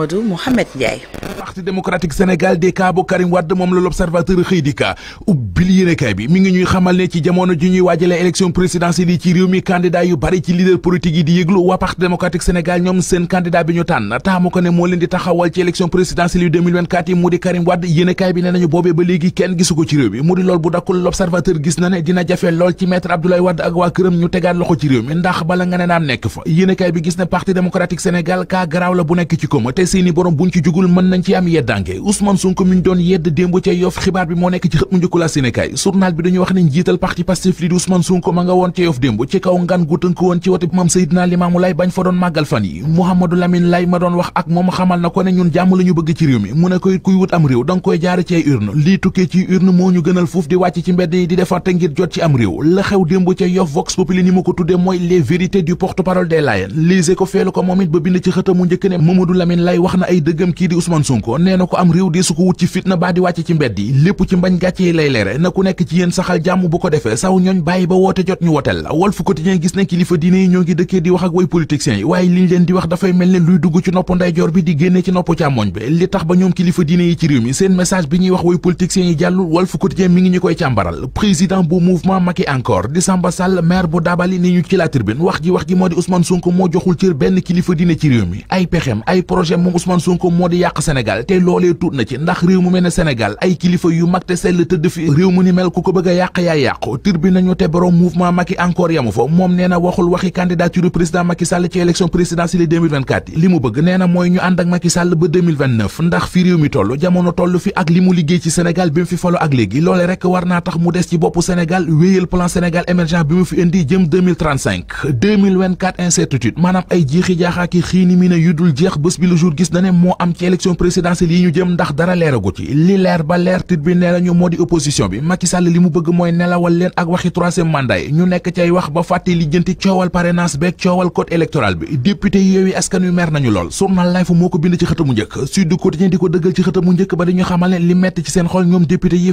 Modou Mouhamed Ndiaye. parti démocratique Karim Wade moom la l'observateur xëy di ka ubbil yéenekaay bi mi ngi ñuy xamal ne ci jamono ji ñuy waajale élection présidentielle yi ci réew mi candidat yu bari ci leader politique yi di yëglu waa parti démocratique Sénégal ñoom seen candidat bi ñu tànn taamu ko ne moo leen di taxawal ci élection présidentielle yu mu di Karim Wade yéenekaay bi ne nañu boobee ba léegi kenn gisu ko ci réew mi mu di lool bu dakkul seeni borom buñ ci jugul mën nañ ci am yeddange Ousmane Sonko mu njëkku la bi dañu wax ne njiital parti Pastef li di Ousmane Sonko ma nga woon ca Yoff démb ci kaw ngan gu tënk woon ci wote bi Maam Limaamu Laay bañ fa doon màggal fan yi Mouhamadou Lamine Laye ma doon wax ak moom xamal na ko ne ñun jàmm la bëgg ci réew mi mu ne koy kuy wut am réew danga koy jaare ci ay lii tukkee ci urne moo ñu gënal fuuf di wàcc ci mbedd yi di defar wax na ay dëggam kii di Ousmane Sonko nekk ci yéen saxal ko defee saw ñooñ bàyyi ba woote jot ñu woteel gis ne kilifa diine yi ñoo ngi dëkkee di wax ak way politiciens yi waaye liñ leen di wax dafay mel ne luy dugg ci nopp ndeyjoor bi bi li tax ba ñoom kilifa diine yi ci réew mi seen wax way politiciens yi jàllul Walf Quotidien mi moo di joxul cër benn kilifa diine ci réew mi ay pexem ay projet yitteem moom Ousmane Sonko moo di yàq Sénégal te loolee tuut na ci ndax réew mu mel ne Sénégal ay kilifa yu mag te sell tëdd fi réew mu ni mel ku ko bëgg yàq yaa yàqu tur nañu te borom mouvement Macky encore yamu fa moom nee na waxul waxi candidature président Macky Sall ci élection présidentielle 2024 li mu bëgg nee na mooy ñu ànd ak Macky Sall ba ndax fi réew mi toll jamono toll fi ak li mu liggéey ci Sénégal bi mu fi falo ak léegi loole rek war naa tax jour gis na ne moo am ci élection présidentielle yi ñu jëm ndax dara leeragu ci li leer ba leer tit bi nee nañu moo di opposition bi Macky Sall li mu bëgg mooy nelawal leen ak waxi troisième mandat yi ñu nekk cay wax ba fàtte li jënti coowal parrainage beeg coowal code électoral bi député yi Yewwi Askan Wi mer nañu lool journal Life moo ko bind ci xëtamu njëkk Sud Quotidien di ko dëggal ci xëtamu njëkk ba dañu xamal ne li metti ci seen xol ñoom député yi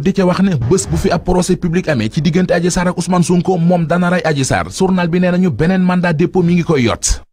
vidéo di ca wax ne bés bu fi ab procès public amee ci diggante Adji Sarr ak Ousmane Sonko moom dana rey Adji Sarr journal bi nee nañu beneen mandat dépôt mi ngi koy yot